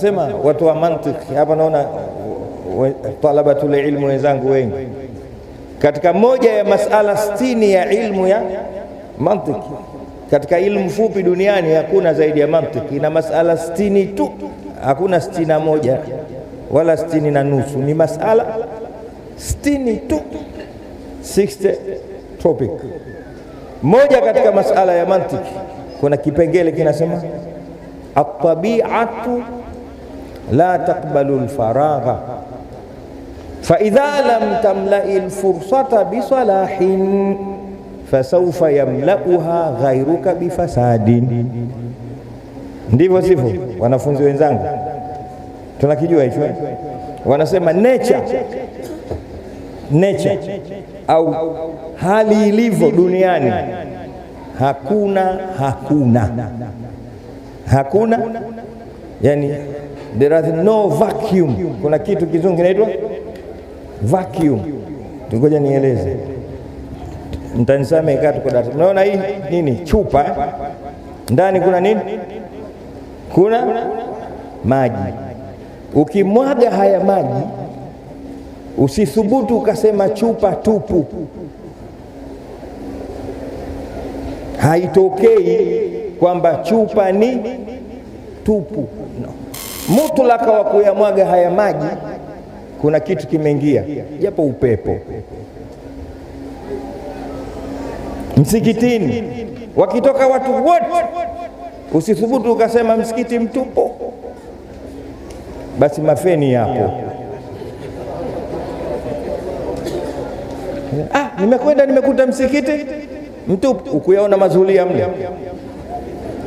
Sema watu wa mantiki hapa, naona talabatul ilmu wenzangu wengi katika moja ya masala sitini ya ilmu ya mantiki. Katika ilmu fupi duniani hakuna zaidi ya mantiki, ina masala sitini tu, hakuna sitini na moja wala sitini na nusu, ni masala sitini tu, 60 topic. Moja katika masala ya mantiki kuna kipengele kinasema atabiatu la taqbalu lfaragha faidha lam tamlai lfursata bisalahin fasaufa yamlauha ghairuka bifasadin. Ndivyo sivyo, wanafunzi wenzangu? Tunakijua hicho, wanasema nature nature au hali ilivyo duniani, hakuna hakuna hakuna yani there is no vacuum. Kuna kitu kizungu kinaitwa vacuum. Tungoja nieleze, mtanisamehe. Tuko darasa, mnaona hii nini, chupa ndani kuna nini? Kuna maji. Ukimwaga haya maji, usithubutu ukasema chupa tupu, haitokei kwamba chupa ni tupu no. Mutlaka wa kuyamwaga haya maji, kuna kitu kimeingia, japo upepo. Msikitini wakitoka watu wote, usithubutu ukasema msikiti mtupu, basi mafeni yapo. Ah, nimekwenda nimekuta msikiti mtupu, ukuyaona mazulia mle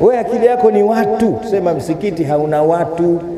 wewe akili yako ni watu, sema msikiti hauna watu.